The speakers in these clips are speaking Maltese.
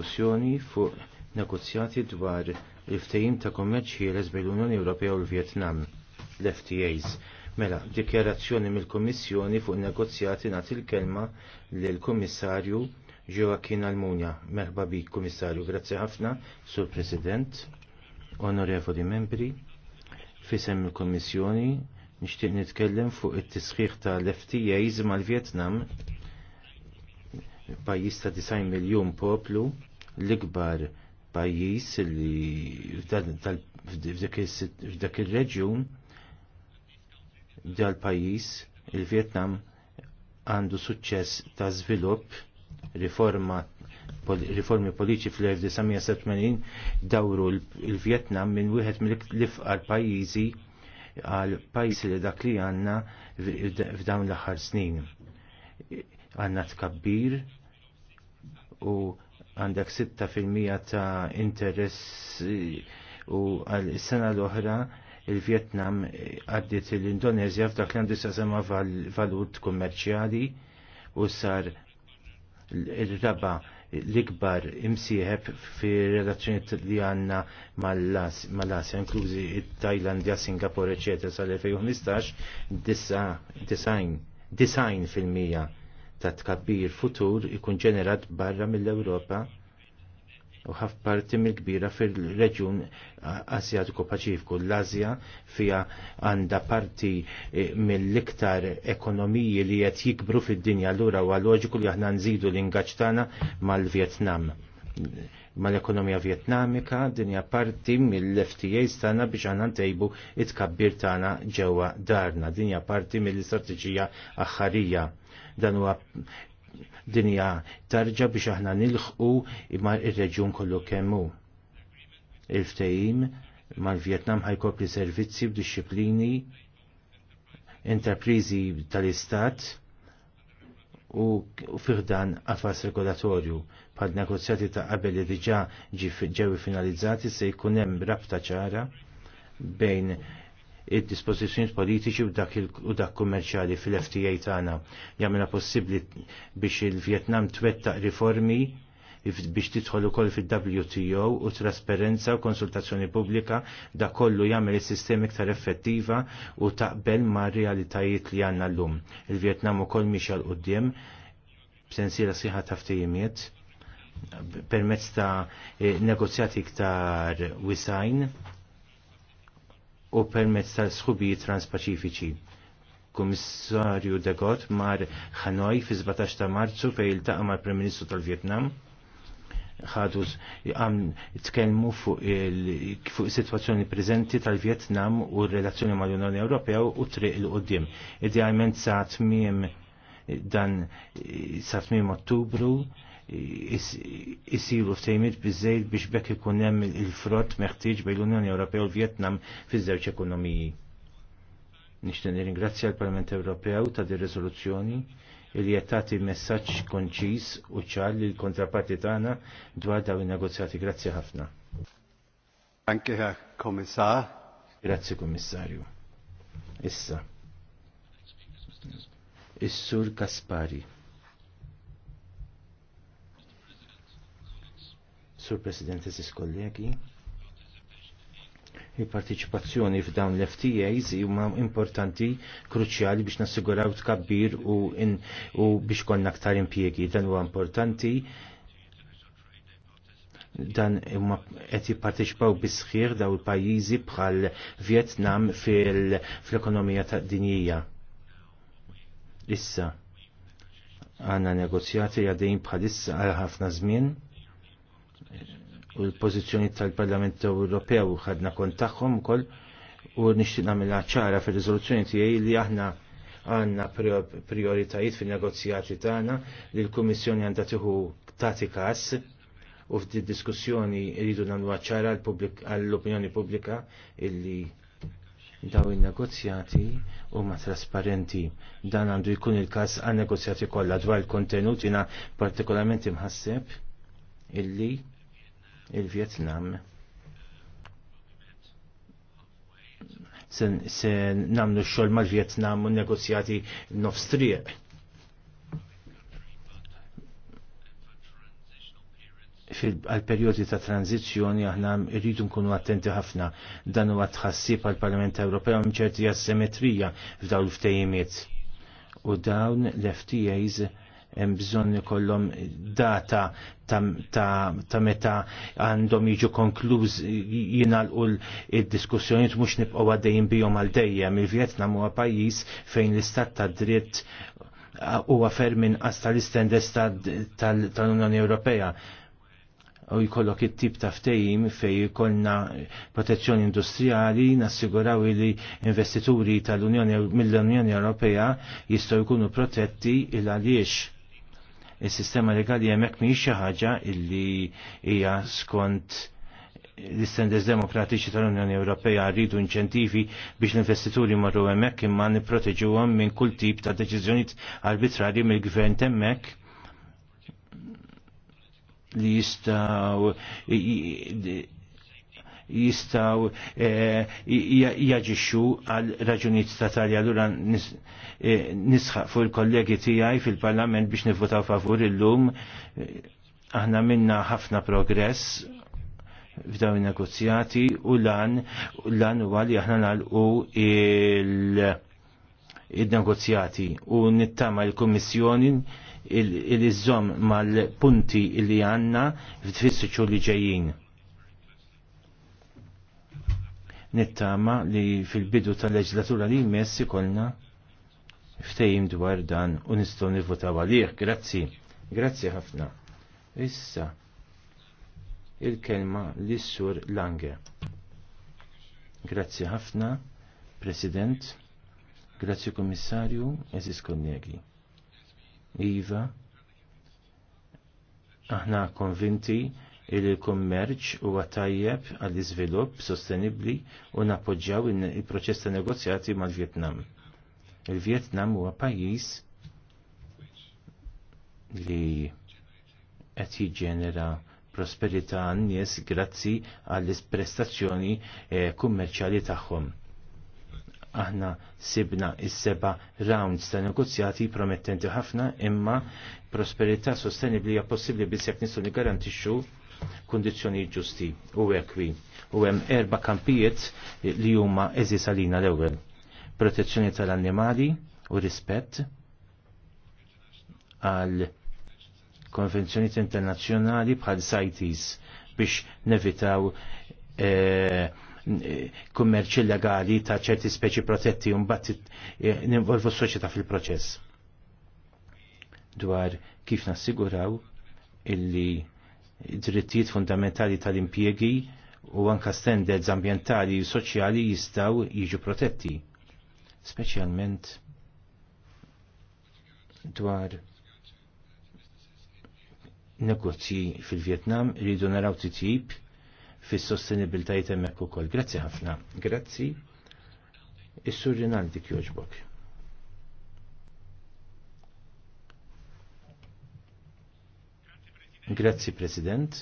diskussjoni fuq negozjati dwar il-ftehim ta' kommerċ ħieles bejn l-Unjoni Ewropea u l-Vjetnam, l-FTAs. Mela, dikjarazzjoni mill-Kommissjoni fuq negozjati nagħti il-kelma lill-Kummissarju Joaquin Almunja. Merħba bik, Kummissarju, grazzi ħafna, Sur President, Onorevoli Membri, fisem il-Kommissjoni, nixtieq nitkellem fuq it-tisħiħ tal-FTAs mal-Vjetnam pajjiż ta' 90 poplu l-ikbar pajjiż li f'dak ir-reġjun dal pajjiż il-Vjetnam għandu suċċess ta' żvilupp riforma riformi politiċi fl-1987 dawru il-Vjetnam minn wieħed mill-ifqar pajjiżi għal pajjiżi li dak li għandna f'dawn l-aħħar snin. Għandna tkabbir u għandek 6% ta' interess u għal sena l-oħra il-Vietnam għaddit l-Indonezja f'dak li għandu sema valut kummerċjali u sar il-raba l-ikbar imsieħeb fi relazzjoni li għanna mal-Asja, inklużi il-Tajlandja, Singapore, eccetera, sal-2015, design, fil-mija ta' tkabbir futur ikun ġenerat barra mill-Ewropa u ħaf parti mill-kbira fil-reġjun Asjatiku Paċifiku. L-Azja fija għanda parti eh, mill-iktar ekonomiji li qed jikbru fid-dinja l-ura u għal loġiku li aħna nżidu l-ingaġġ tagħna mal-Vjetnam ma l-ekonomija vjetnamika din hija parti mill fta tagħna biex għanna ntejbu it-kabbir tagħna ġewwa darna. dinja parti mill-istrateġija aħħarija. Dan huwa dinja tarġa biex aħna nilħqu imma ir-reġjun kollu kemmu. Il-ftehim mal-Vjetnam ħajkopli servizzi b'disċiplini, interprizi tal-istat, u firdan għafas regolatorju bħal negozjati ta' qabel li diġa ġewi finalizzati se jkun hemm rabta ċara bejn id-dispożizzjonijiet politiċi u dak, u dak kummerċali fil-FTA tagħna jagħmilha possibbli biex il-Vjetnam twettaq riformi biex tidħol ukoll fil-WTO u trasparenza u konsultazzjoni pubblika da kollu jagħmel is-sistema iktar effettiva u taqbel ma' realitajiet li għandna llum. Il-Vjetnam ukoll mhix għal quddiem b'sensiela sieħa ta' ftehimiet permezz ta' e, negozjati iktar wisajn u permezz ta' sħubijiet transpaċifiċi. Kummissarju Degot mar Hanoi fi 17 ta' Marzu fej il-taqa mal-Prem Ministru tal-Vjetnam ħadu għam tkellmu fuq il-situazzjoni preżenti tal-Vjetnam u r-relazzjoni mal-Unjoni Ewropew u triq il-qoddim. Idealment sa' tmiem dan sa' Ottubru jisiru ftejmiet bizzejt biex bekk ikun hemm il-frott meħtieġ bejn l-Unjoni Ewropew u l-Vjetnam fiż-żewġ ekonomiji. Nixtieq nirringrazzja l-Parlament Ewropew ta' di riżoluzzjoni li jattati tagħti messaġġ konċiż u ċar l kontraparti tana dwar dawn in-negozjati. Grazzi ħafna. Anke ħa komissar. Grazzi komissarju. Issa. Is-Sur Kaspari. Sur President, is kollegi il-partiċipazzjoni f'dawn l-FTAs huma importanti, kruċjali biex nassiguraw tkabbir u, in, u biex konna aktar impjiegi. Dan huwa importanti dan huma qed jipparteċipaw bisħir daw il-pajjiżi bħal Vietnam fil-ekonomija ta' dinjija. Issa għandna negozjati għadin bħalissa għal ħafna żmien u l-pożizzjoni tal-Parlament Ewropew ħadna kont tagħhom ukoll u nixtieq nagħmilha ċara fir-riżoluzzjoni tiegħi li aħna għandna prioritajiet fin-negozjati tagħna li l-Kummissjoni għandha tieħu tagħti każ u f'di diskussjoni rridu nagħmlu ċara għall-opinjoni pubblika illi daw il-negozjati u ma trasparenti. Dan għandu jkun il-kas għan negozjati kollha dwar il-kontenut jina partikolarment imħasseb illi il-Vietnam se namlu xol mal-Vietnam u negozjati nofstriq. għal periodi ta' tranzizjoni aħna rridu nkunu attenti ħafna dan huwa tħassib għal Parlament Ewropew hemm ċerti asimetrija f'dawn l-ftejimiet. U dawn l-FTAs hemm bżonn ikollhom data ta' meta għandhom jiġu konkluż jingħalqu id-diskussjonijiet mhux nibqgħu għaddejjin bihom għal dejjem. Il-Vjetnam huwa pajjiż fejn l-istat ta' dritt huwa ferm inqas tal istendes tal-Unjoni Ewropea u jkollok it-tip ta' ftejim fej jkollna protezzjoni industrijali, nassiguraw li investituri tal-Unjoni mill-Unjoni Ewropea jistgħu jkunu protetti il għaliex il-sistema legali hemmhekk mhijiex xi ħaġa illi hija skont l istendez demokratiċi tal-Unjoni Ewropea rridu inċentivi biex l-investituri marru hemmhekk imma nipproteġuhom minn kull tip ta' deċiżjonijiet arbitrarji mill-gvern hemmhekk li jistaw jistaw eh, jaġixxu għal raġunijiet statali allura eh, nisħaq fuq il-kollegi tiegħi fil-Parlament biex nivvotaw favur illum eh, aħna minna ħafna progress f'dawn il-negozjati u lan u lan u għalli aħna nagħlqu il-negozjati u nittama il kummissjoni il-iżom mal-punti li għanna f'tfissiċu li ġejjin nittama li fil-bidu tal-leġlatura li jmess kolna ftejim dwar dan u nistgħu nivvotaw għalih. Grazzi, grazzi ħafna. Issa il-kelma l-Sur Lange. Grazzi ħafna, President, grazzi Komissarju, eżis konnegi. Iva, aħna konvinti il-kummerċ huwa tajjeb għall iżvilupp sostenibbli u nappoġġjaw il-proċess ta' negozjati mal-Vjetnam. Il-Vjetnam huwa pajjiż li qed jiġġenera prosperità għan-nies grazzi għall prestazzjoni eh, kummerċjali tagħhom. Aħna sibna is-seba rounds ta' negozjati promettenti ħafna imma prosperità sostenibbli hija possibbli biss jekk nistgħu kondizjoni ġusti u ekwi. U hemm erba kampijiet li huma eżis għalina l-ewwel. Protezzjoni tal-annimali u rispett għal konvenzjoniet internazzjonali bħal CITES biex nevitaw e, e, kummerċi legali ta' ċerti speċi protetti un bat e, ninvolvu s-soċieta fil-proċess. Dwar kif nassiguraw illi drittijiet fundamentali tal-impjegi u anka standards ambientali u soċjali jistaw jiġu protetti, speċjalment dwar negozji fil-Vietnam rridu naraw titjib fis sostenibiltajt emmek u kol. Grazzi ħafna. Grazzi. Is-sur Rinaldi kjoġbok. Grazzi, President.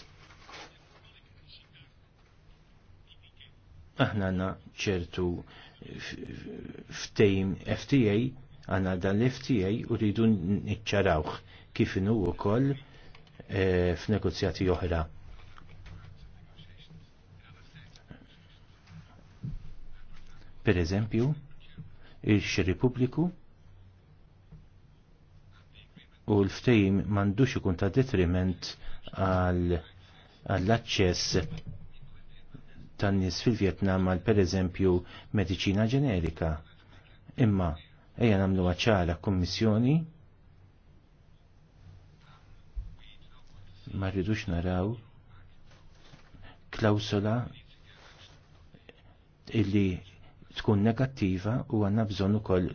Aħna għanna ċertu ftejm FTA, għanna dan l-FTA u rridu niċċarawħ kif inu u koll e, eh, f'negozjati oħra. Per eżempju, il-xiri pubbliku u l-ftejim mandux ikun ta' detriment għall-aċċess tan nies fil-Vjetnam għal per eżempju medicina ġenerika. Imma ejja namlu ċara kommissjoni ma rridux naraw klausola illi tkun negattiva u għanna bżonu ukoll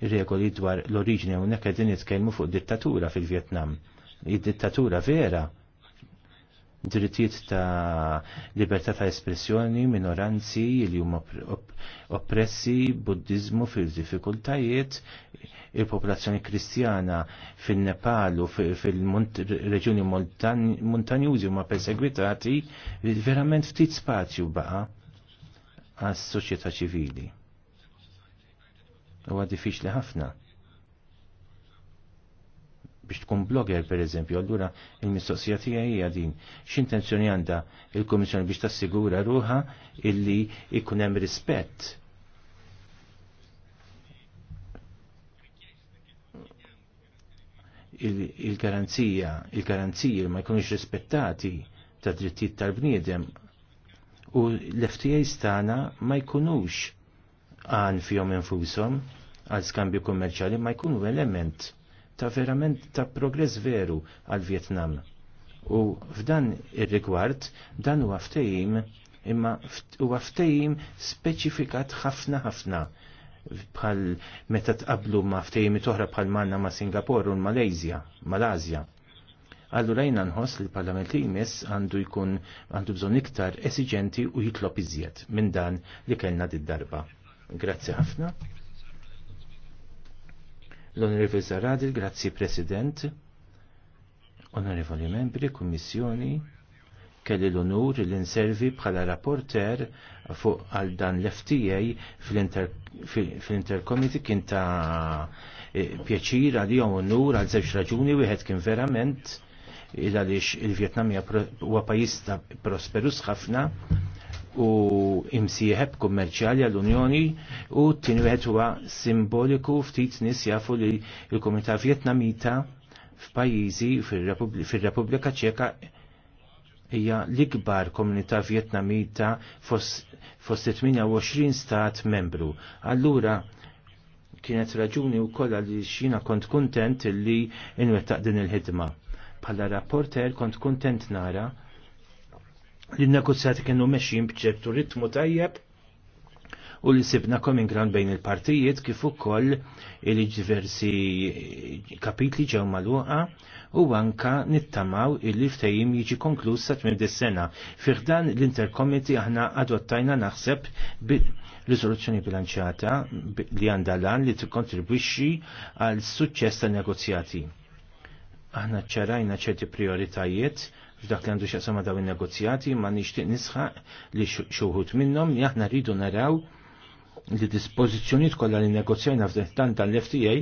regoli dwar l u hawnhekk qegħdin jitkellmu fuq dittatura fil-Vjetnam. Id-dittatura vera drittijiet ta' libertà ta' espressjoni, minoranzi li huma oppressi, buddizmu fil difikultajiet il-popolazzjoni kristjana fin-Nepal u fil-reġjuni montanjużi huma persegwitati, verament ftit spazju baqa' għas soċjetà ċivili huwa diffiċli ħafna. Biex tkun blogger per eżempju, allura il-mistoqsija tiegħi hija din. X'intenzjoni għandha il-Kummissjoni biex tassigura ruha illi ikun hemm rispett il-garanzija, il-garanzija ma jkunux rispettati ta' drittijiet tal-bniedem u l-FTA stana ma jkunux għan fjom infusom għal skambju kummerċali ma jkunu element ta' verament ta' progress veru għal Vietnam. U f'dan ir-rigward dan huwa ftehim imma huwa ftehim speċifikat ħafna ħafna bħal meta tqablu ma' ftehimi toħra bħal manna ma' Singapur u l-Malajzja, Malazja. Allura jina nħoss li l-Parlament li jmiss għandu jkun għandu bżon iktar esiġenti u jitlob iżjed minn dan li kellna dit darba. Grazzi ħafna. L-Onorevoli Zaradil, grazzi President, Onorevoli Membri, Kommissjoni, kelli l-onur l nservi bħala rapporter fuq għal dan l-FTA fil intercommittee kien ta' e, pjaċir għal jom onur għal zewġ raġuni wieħed kien verament il-għalix il vietnamija huwa pajis ta' prosperus ħafna u imsieħeb kummerċjali għall-Unjoni u t tini wieħed huwa simboliku ftit nies jafu li l-Komunità Vjetnamita f'pajjiżi fir-Repubblika Ċeka hija l-ikbar komunità Vjetnamita fost 28 stat membru. Allura kienet raġuni wkoll li xina kont kontent li nwettaq din il-ħidma. Pala rapporter kont kontent nara L-negozjati kienu meċin bċertu ritmu tajjeb u li sibna coming ground bejn il-partijiet kif ukoll il-diversi kapitli ġew magħluqa u anka nittamaw il ftehim jiġi konkluż sa tmiem dis-sena. dan l-interkomiti aħna adottajna naħseb risoluzzjoni bilanċjata li għandha lan li tikkontribwixxi għal suċċess tan-negozjati. Aħna ċarajna ċerti prioritajiet f'dak li għandu xaqsama daw il-negozjati ma nixtieq nisħaq li xuħut minnhom li aħna rridu naraw li dispożizzjonijiet kollha li negozjajna f'dan tal-FTA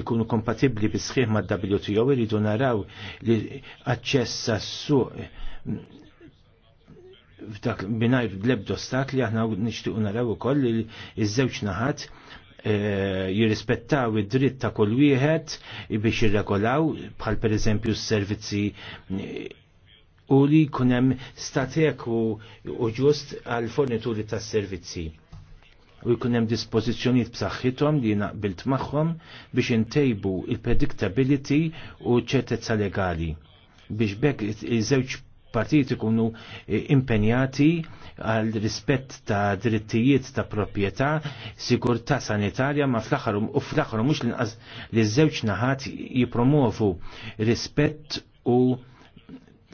ikunu kompatibbli bi sħiħ mad-WTO rridu naraw li aċċess għas-suq f'dak binajr stak li aħna nixtiequ naraw ukoll li iż-żewġ naħat eh, jirrispettaw id-dritt ta' kull wieħed biex jirregolaw bħal pereżempju s-servizzi u li kunem stateku u ġust għal fornituri tas servizzi u jkunem dispozizjoniet b'saħħithom li naqbilt magħhom biex intejbu il-predictability u ċertezza legali biex bekk iż-żewġ partijiet ikunu eh, impenjati għal rispett ta' drittijiet ta' proprjetà, sigurtà sanitarja, ma fl-aħħar u fl-aħħar mhux li żewġ naħat jipromovu rispett u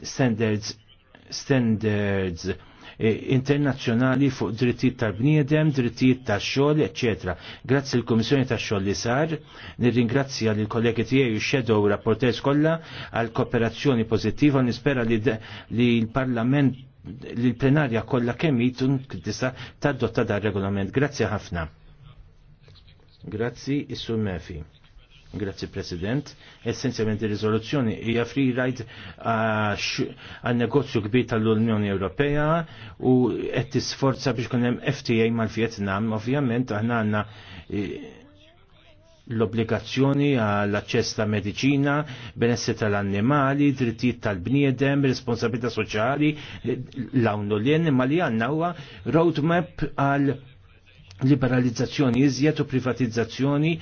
standards standards eh, internazzjonali fuq drittijiet tal-bniedem, drittijiet tax-xogħol, eċetera. Grazzi l-Kummissjoni tax-xogħol li sar, nirringrazzja lil kollegi tiegħi u shadow rapporters kollha għal kooperazzjoni pożittiva u nispera li, li l-Parlament li l-plenarja kollha kemm jitun tista' tadotta dar regolament. Grazzi ħafna. Grazzi, is-Sur Mefi. Grazzi President. Essenzjament ir rizoluzzjoni hija free ride uh, għal negozju kbir tal-Unjoni Ewropea u qed tisforza biex kun hemm FTA mal-Vjetnam. Ovvjament aħna għandna eh, l-obbligazzjoni għall-aċċess ta' mediċina, benessi tal-annimali, drittijiet tal-bniedem, responsabilità soċjali, l-għawnu l-jen, ma li għanna huwa roadmap għal liberalizzazzjoni iżjed u privatizzazzjoni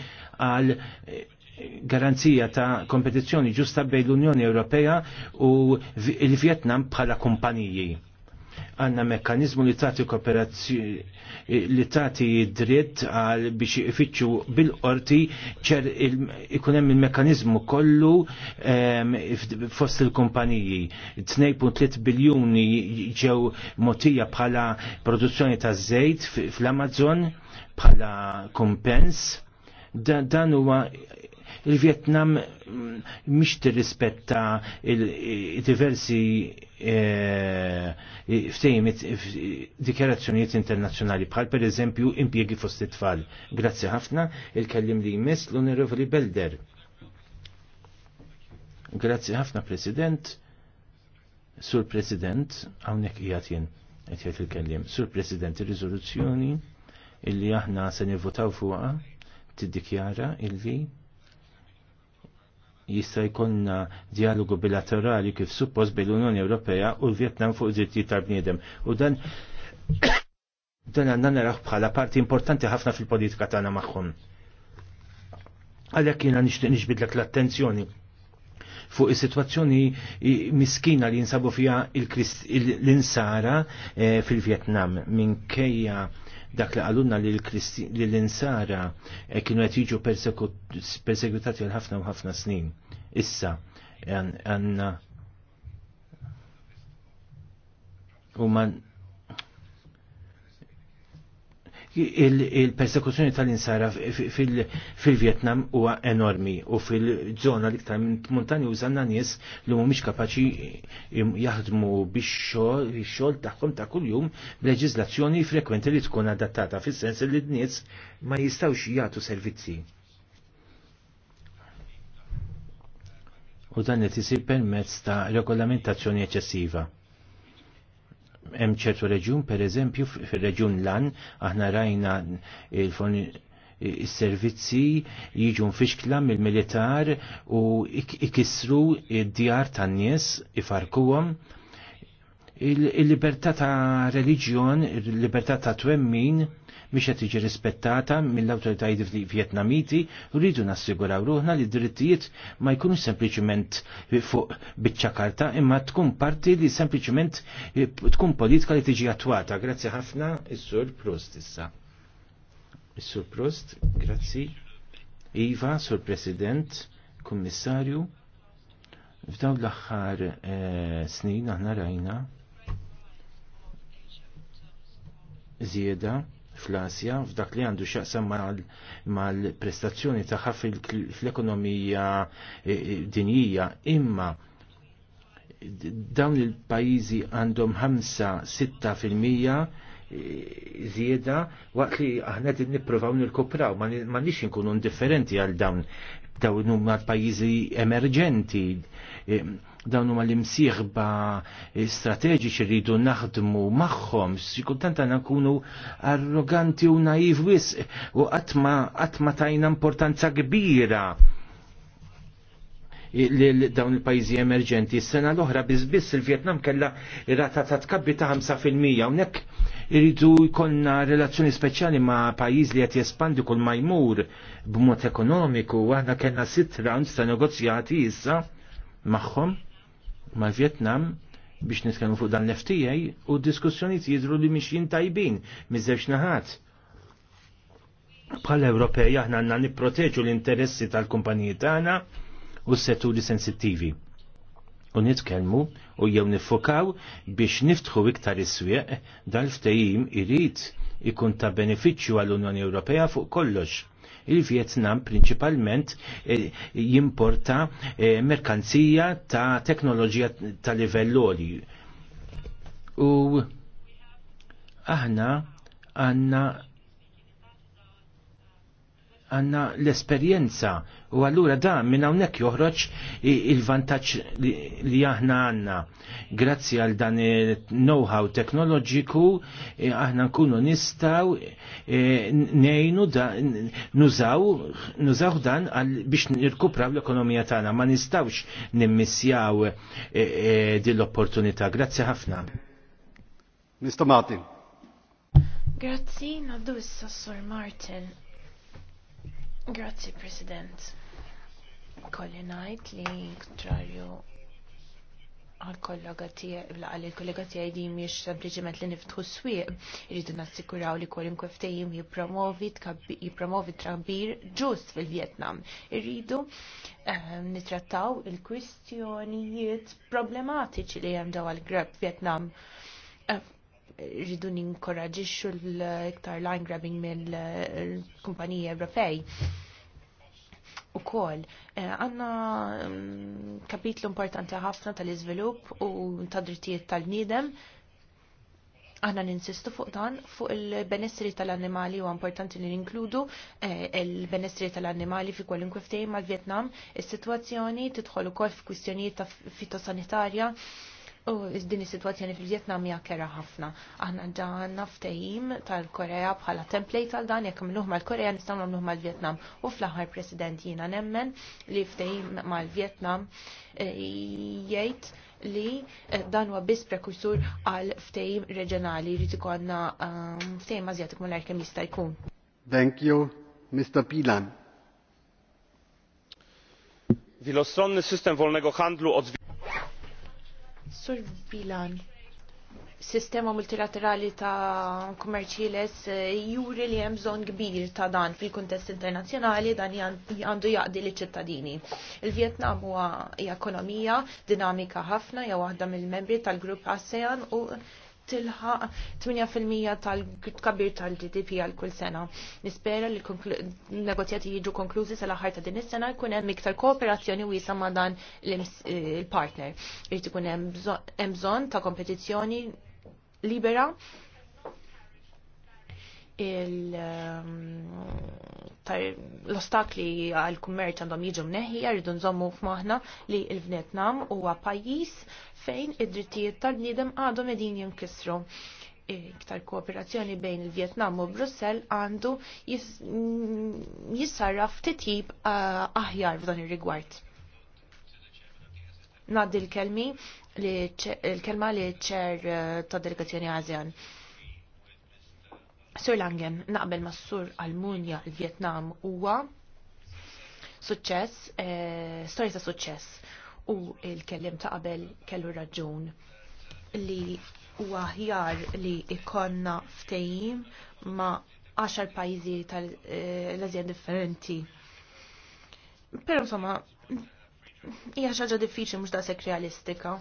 għal eh, garanzija ta' kompetizzjoni ġusta bejn l-Unjoni Ewropea u il-Vjetnam bħala kumpaniji. Għanna mekkanizmu li tati li tati dritt għal biex ifittxu bil-qorti ċer ikunem il-mekkanizmu kollu fost il-kumpaniji. 2.3 biljoni ġew motija bħala produzzjoni ta' zejt fl-Amazon bħala kompens. Dan huwa il-Vietnam mish mm, tirrispetta diversi e, ftejmet dikjarazzjonijiet internazzjonali bħal pereżempju impjegi fost it-tfal. Grazzi ħafna il-kellim li jmiss l-Onorevoli Belder. Grazzi ħafna President, Sur President, hawnhekk qiegħed jien qed jgħid il-kellim. Sur President, ir-riżoluzzjoni illi aħna se nivvotaw fuqha tiddikjara illi jista' jkollna uh, dialogu bilaterali kif suppost bil-Unjoni Ewropea u l-Vjetnam fuq id tal-bniedem. U dan dan għandna naraħ bħala parti importanti ħafna fil-politika tagħna magħhom. Għalhekk jiena nixtieq nixbidlek l-attenzjoni fuq is-sitwazzjoni miskina li jinsabu fiha l-insara eh, fil-Vjetnam minkejja dak li għalunna li l-insara eh, kienu għet jiġu persekutati għal ħafna u ħafna snin issa għanna u man il-persekuzzjoni tal-insara fil-Vietnam huwa enormi u fil-żona li ktar minn montani zanna nies li mhumiex kapaċi jaħdmu biex xogħol tagħhom ta' kuljum b'leġiżlazzjoni frekwenti li tkun adattata fis-sens li d-nies ma jistgħux jagħtu servizzi u dan qed isir permezz ta' regolamentazzjoni eċċessiva. Hemm ċertu reġjun, pereżempju fir-reġjun Lan, aħna rajna il-servizzi jiġu nfixkla mill-militar u ikissru id-djar tan-nies ifarkuhom il-libertà ta' reliġjon, il-libertà ta' twemmin, biex qed tiġi rispettata mill-awtoritajiet Vjetnamiti, rridu nassiguraw ruħna li d-drittijiet ma jkunux sempliċement fuq biċċa karta, imma tkun parti li sempliċement tkun politika li tiġi attwata. Grazzi ħafna, is-Sur Prost issa. Is-Sur Prost, grazzi. Iva, Sur President, Kummissarju, f'dawn l-aħħar eh, snin aħna rajna Zieda fl-Asja f'dak li għandu xaqsam mal-prestazzjoni tagħha fl-ekonomija e, e, dinjija imma dawn il-pajjiżi għandhom 5-6% zieda e, waqt li aħna qed nippruvaw nirkupraw ma nix inkunu indifferenti għal dawn dawn huma pajjiżi emerġenti dawn huma l-imsieħba strateġiċi rridu naħdmu magħhom, xikultant għandna nkunu arroganti u naiv wisq u qatt ma tajna importanza kbira dawn il-pajzi emerġenti. is sena l-oħra bizbiss il-Vietnam kella rata ta' tkabbi ta' 5% hawnhekk irridu jkollna relazzjoni speċjali ma' pajiz li qed jespandi kull ma jmur b'mod ekonomiku, aħna kellna sitt rounds ta' negozjati issa magħhom mal-Vietnam biex nitkellmu fuq dan l-FTA u diskussjonijiet jidhru li mixjin tajbin miż-żewġ naħat. Bħala Ewropej aħna għandna nipproteġu l-interessi tal-kumpaniji tagħna u s-setturi sensittivi. U nitkellmu u jew nifokaw biex niftħu iktar iswieq dal-ftehim irid ikun ta' benefiċċju għall-Unjoni Ewropea fuq kollox Il-Vietnam principalment eh, jimporta eh, merkanzija ta' teknoloġija ta' livell oli. U aħna għanna għanna l-esperienza u għallura da minn hawnhekk joħroġ il-vantaġġ li aħna għandna. Grazzi għal dan il-know-how teknoloġiku e, aħna nkunu nistaw e, nejnu nużaw nużaw dan biex nirkupraw l-ekonomija tagħna ma nistawx nimmissjaw e, din l-opportunità. Grazzi ħafna. Mr. Martin. Grazzi, naddu issa Sir Martin. Grazzi, President. Kolli najt li kontrarju għal-kollega għal-kollega tijaj di miex sempliciment li niftħu s-swieq, irridu nassikuraw li kwalinkwe ftejim jipromovit trabir ġust fil-Vietnam. Irridu ehm, nitrattaw il-kwistjonijiet problematiċi li jemdaw għal-grab Vietnam ehm, rridu ninkoraġixxu l-iktar line grabbing mill-kumpaniji Ewropej. Ukoll, eh, għandna mm, kapitlu importanti ħafna tal iżvilupp u tad-drittijiet tal bniedem Aħna ninsistu fuq dan, fuq il-benessri tal-annimali u importanti li ninkludu eh, il-benessri tal-annimali fi kwalunkwe ftehim mal-Vjetnam, is-sitwazzjoni tidħol ukoll f'kwistjonijiet ta' fitosanitarja U din is-sitwazzjoni fil-Vjetnam hija kera ħafna. Aħna ġanna ftehim tal-Korea bħala template tal dan jekk nagħmluh mal-Korea nistgħu nagħmluh mal-Vjetnam. U fl-aħħar President jiena nemmen li ftehim mal-Vjetnam eh, jgħid li eh, dan huwa biss prekursur għal ftehim reġjonali jrid ikollna ehm, ftehim Azjatik mal kemm jista' jkun. Thank you, Mr. Pilan. Wielostronny system wolnego handlu od Sur Bilan, sistema multilaterali ta' kummerċiles eh, juri li hemm bżonn kbir ta' dan fil-kuntest internazzjonali dan għandu jaqdi li ċittadini. Il-Vjetnam huwa ekonomija dinamika ħafna jew waħda mill-membri tal-grupp ASEAN u tilħaq 8% tal-kabir tal-GDP għal kull sena. Nispera li negozjati jiġu konklużi sa laħar ta' din is-sena jkun hemm iktar kooperazzjoni wiesa ma' dan il-partner. Irid ikun hemm bżonn ta' kompetizzjoni libera Um, l-ostakli għal-kummerċ għandhom jiġu mneħi, rridu nżommu f'maħna li il-Vjetnam huwa pajjiż fejn id-drittijiet tal-bniedem għadhom edin jinkisru. Iktar kooperazzjoni bejn il-Vjetnam u Brussel għandu jissarraf titjib uh, aħjar f'dan ir-rigward. Naddi l-kelmi l-kelma li ċer uh, ta' delegazzjoni ASEAN. Sur Langen, naqbel ma' Sur Almunja l-Vietnam huwa suċċess, eh, storja ta' suċċess u il-kellim ta' qabel kellu raġun li huwa ħjar li ikonna ftejim ma' 10 pajjiżi tal-Azja eh, differenti. Però insomma, hija xi ħaġa diffiċli mhux daqshekk realistika.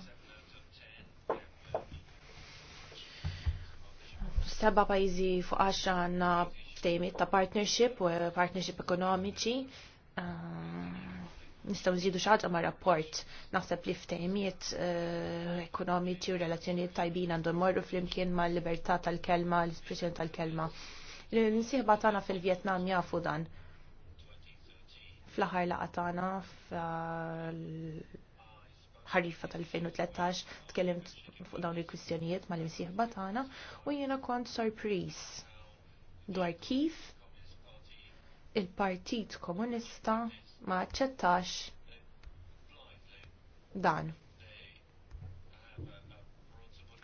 Seba pajjiżi fuq għaxa għanna ftejmi ta' partnership u eh, partnership ekonomiċi. Ah, nistgħu zidu xaġa ma' rapport naħseb li ftejmiet eh, ekonomiċi u relazzjonijiet tajbin għandhom morru flimkien mal libertà tal-kelma, l-espressjoni tal-kelma. L-insieħba tagħna fil-Vjetnam jafu dan fl-aħħar laqatana fl ħarifa tal-2013 tkellimt fuq dawn il-kwistjonijiet mal-imsieħba tagħna u jiena kont sorpriż dwar kif il-Partit Komunista ma aċċettax dan.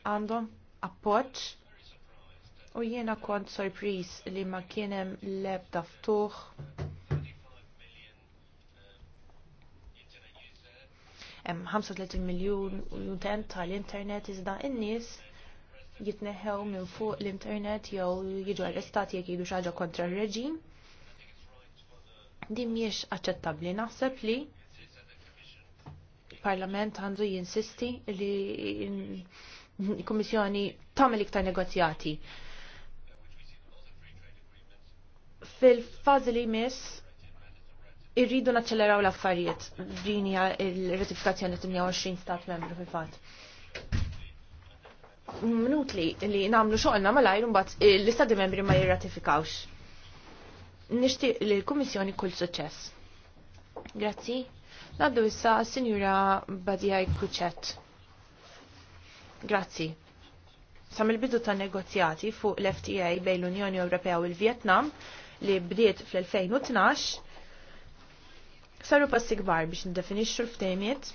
Għandhom appoġġ u jiena kont sorpriż li ma kienem lebda ftuħ hemm 35 miljun utent tal-internet iżda in-nies jitneħew minn fuq l-internet jew jiġu arrestati jekk jgħidu xaġa kontra r-reġim. Din mhijiex aċċettabbli. Naħseb li parlament għandu jinsisti li l-Kummissjoni tagħmel iktar negozjati. Fil-fażi li jmiss irridu naċċeleraw l-affarijiet hija r ratifikazzjoni 28 stat membru fil-fatt. Minut li li namlu ma malajr mbagħad eh, l-istati membri ma jirratifikawx. Nixtieq li l-Kummissjoni kull suċċess. Grazzi. Naddu issa Sinjura Badijaj Kuċet. Grazzi. Sam il-bidu ta' negozjati fuq l-FTA bejn l-Unjoni Ewropea u l-Vjetnam li bdiet fl-2012 Saru passi gbar biex nidefinixxu l-ftejmiet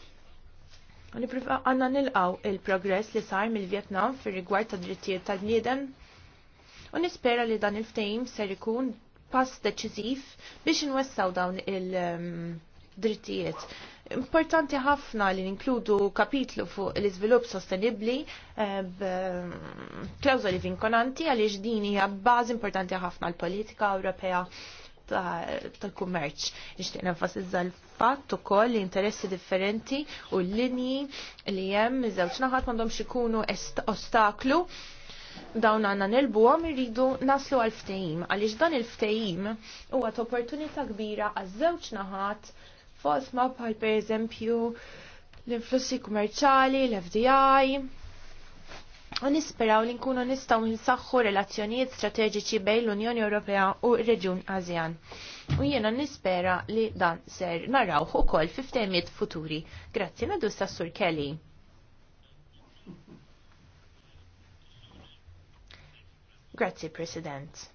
u li għanna nilqaw il-progress li sar mill-Vietnam fir rigward ta' drittijiet tal-bniedem u nispera li dan il-ftejm ser ikun pass deċiżiv biex nwessaw dawn il-drittijiet. Um, importanti ħafna li ninkludu kapitlu fuq l-iżvilupp sostenibbli eh, b'klawżoli vinkonanti għaliex din hija bażi importanti ħafna l-politika Ewropea tal-kummerċ. Nixtieq nenfasizza l-fatt ukoll li interessi differenti u l-linji li hemm iż-żewġ naħat m'għandhomx ikunu ostaklu dawn għanna għom irridu naslu għal ftehim għaliex dan il-ftehim huwa għat opportunità kbira għaż żewġ naħat fosma bħal pereżempju l-influssi kummerċali, l-FDI, Nisperaw li nkunu nistaw nsaħħu relazzjonijiet strateġiċi bejn l-Unjoni Ewropea u r-Reġjun Azjan. U jiena nispera li dan ser narawh ukoll fi ftehmiet futuri. Grazzi nadu Sur Kelly. Grazzi President.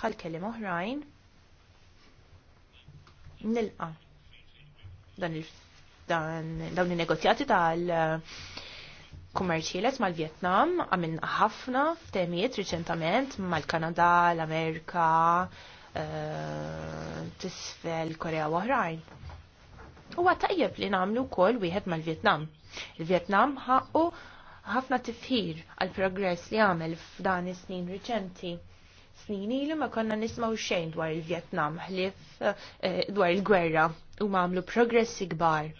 Bħal kelim oħrajn nilqa dan il dan dawn in negozjati tal kummerċieles mal-Vietnam, għamin ħafna f'temijiet riċentament mal-Kanada, l-Amerika, t eh, tisfel, Korea u oħrajn. U għatajjeb li namlu kol wieħed mal-Vietnam. Il-Vietnam ħaqqu ħafna tifħir għal progress li għamel f'dan is-snin riċenti. Snin ilu ma konna nismaw xejn dwar il-Vietnam ħlif eh, dwar il-gwerra u ma għamlu progressi kbar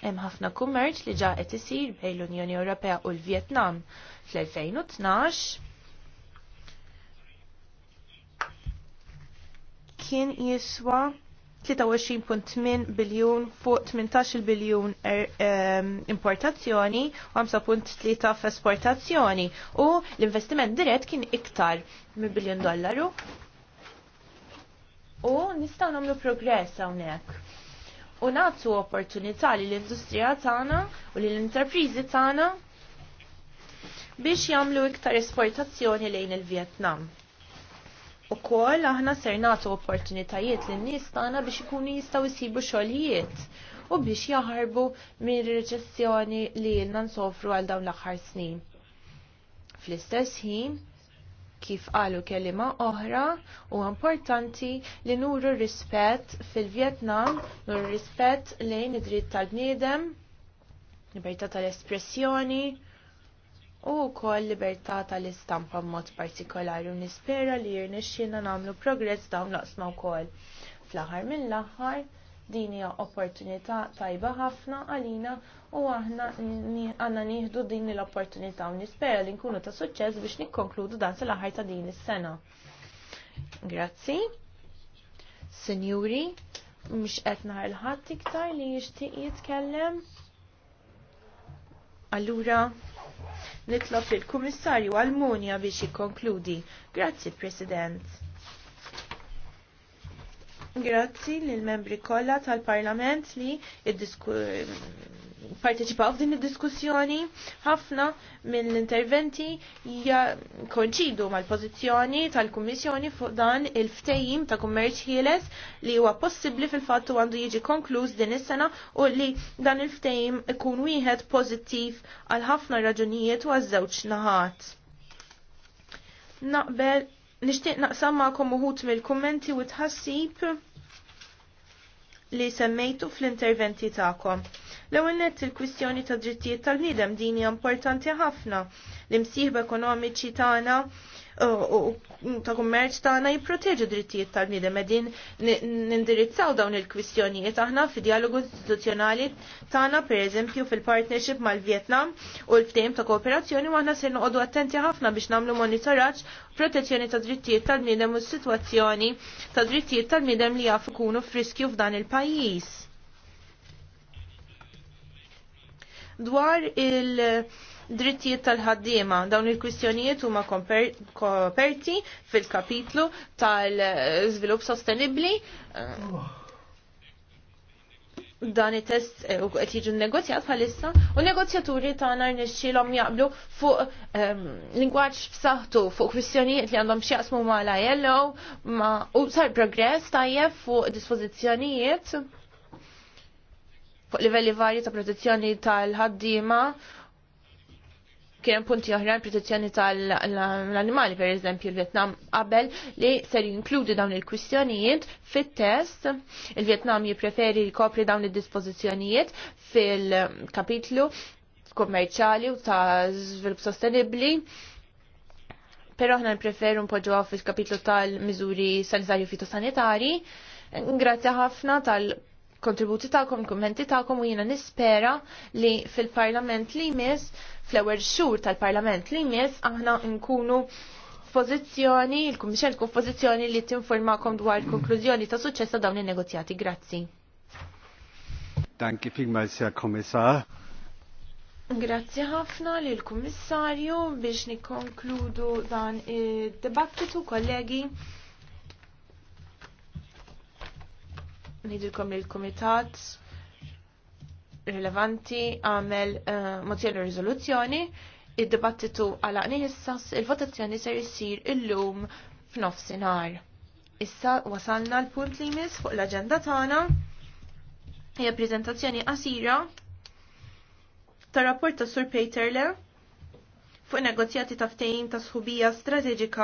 Hemm ħafna kummerċ li ġa qed isir bejn l-Unjoni Ewropea u l-Vjetnam fl-2012. Kien jiswa 23.8 biljun fuq 18 biljun er, importazzjoni u 5.3 f'esportazzjoni u l-investiment dirett kien iktar minn biljun dollaru. U nistgħu nagħmlu progress hawnhekk u nagħtu opportunità li l-industrija tagħna u li l-interprizi tagħna biex jagħmlu iktar esportazzjoni lejn il-Vjetnam. kol aħna ser nagħtu opportunitajiet lin nies tagħna biex ikunu jistgħu jsibu xogħlijiet u biex jaħarbu minn reċessjoni li lna nsofru għal dawn l-aħħar snin. Fl-istess ħin, kif qalu kelima oħra u importanti li nuru rispett fil-Vietnam, nuru rispett lejn id-dritt tal-bniedem, libertà tal-espressjoni u wkoll libertà tal-istampa b'mod partikolari u nispera li jirnexxina nagħmlu progress dawn naqsma wkoll. Fl-aħħar mill-aħħar Din hija opportunità tajba ħafna għalina u aħna għanna nieħdu din l-opportunità u nispera li nkunu ta' suċċess biex nikkonkludu dan sal-aħħar ta' din is-sena. Grazzi. Sinjuri, mhux qed naħar l-ħadd iktar li jixtieq jitkellem. Allura, nitlob il-Kummissarju Almonja biex jikkonkludi. Grazzi, President. Grazzi lill membri kollha tal-Parlament li parteċipaw f'din id-diskussjoni. Ħafna minn l interventi konċidu mal-pożizzjoni tal-Kummissjoni fuq dan il-ftejim ta' kummerċ ħieles li huwa possibbli fil-fattu għandu jiġi konkluż din is-sena u li dan il-ftejim ikun wieħed pożittiv għal ħafna raġunijiet u għaż-żewġ naħat. Naqbel Nishtiq naqsam ma'kom uħut mill-kummenti u tħassib li semmejtu fl-interventi ta'kom. L-ewwel nett il-kwistjoni ta' drittijiet tal nidem din hija importanti ħafna. L-imsieħb ekonomiċi tagħna ta' kummerċ tagħna jipproteġu drittijiet tal bnidem edin nindirizzaw dawn il-kwistjonijiet aħna fi dialogu istituzzjonali tagħna pereżempju fil-partnership mal-Vjetnam u l-ftehim ta' kooperazzjoni u aħna se noqogħdu attenti ħafna biex nagħmlu monitoraċ protezzjoni ta' drittijiet tal bnidem u s-sitwazzjoni ta' drittijiet tal bnidem li jaf ikunu friskju f'dan il-pajjiż. Dwar il- drittijiet tal-ħaddiema. Dawn il-kwistjonijiet huma koperti fil-kapitlu tal-żvilupp sostenibbli. Eh, dan it-test eh, qed jiġu negozjat bħalissa u negozjaturi tagħna rnexxielhom jaqblu fuq ehm, lingwaġġ b'saħħtu fuq kwistjonijiet li għandhom x'jaqsmu ma' la jellow u sar progress tajjeb fuq dispożizzjonijiet fuq livelli varji ta' protezzjoni tal-ħaddiema kien punti oħrajn protezzjoni tal-animali, per eżempju, il-Vietnam qabel li ser jinkludi dawn il-kwistjonijiet fit-test. Il-Vietnam jipreferi jkopri dawn il-dispożizzjonijiet fil-kapitlu kummerċali u ta' żvilupp sostenibbli. Però aħna npreferu npoġġuha fil-kapitlu tal-miżuri sanitarju fitosanitari. Grazzi ħafna tal- kontributi ta'kom, kommenti ta'kom u jina nispera li fil-parlament li mis, fl-ewel xur tal-parlament li mis, aħna nkunu pozizjoni, il-Kummissjoni tkun pozizjoni li tinformakom dwar konklużjoni ta' suċċess ta' dawn in-negozjati. Grazzi. Danki vielmals, Herr komissar. Grazzi ħafna l kummissarju biex nikkonkludu dan id debattitu kollegi. nidilkom il komitat rilevanti għamel uh, mozzjoni rizoluzzjoni, id-dibattitu għala jissas il-votazzjoni ser jissir illum f'nofsinhar. Issa wasalna l-punt li jmiss fuq l-aġenda tagħna hija preżentazzjoni qasira ta' rapport ta' Sur Peterle fuq negozjati ta' ftehim ta' sħubija strateġika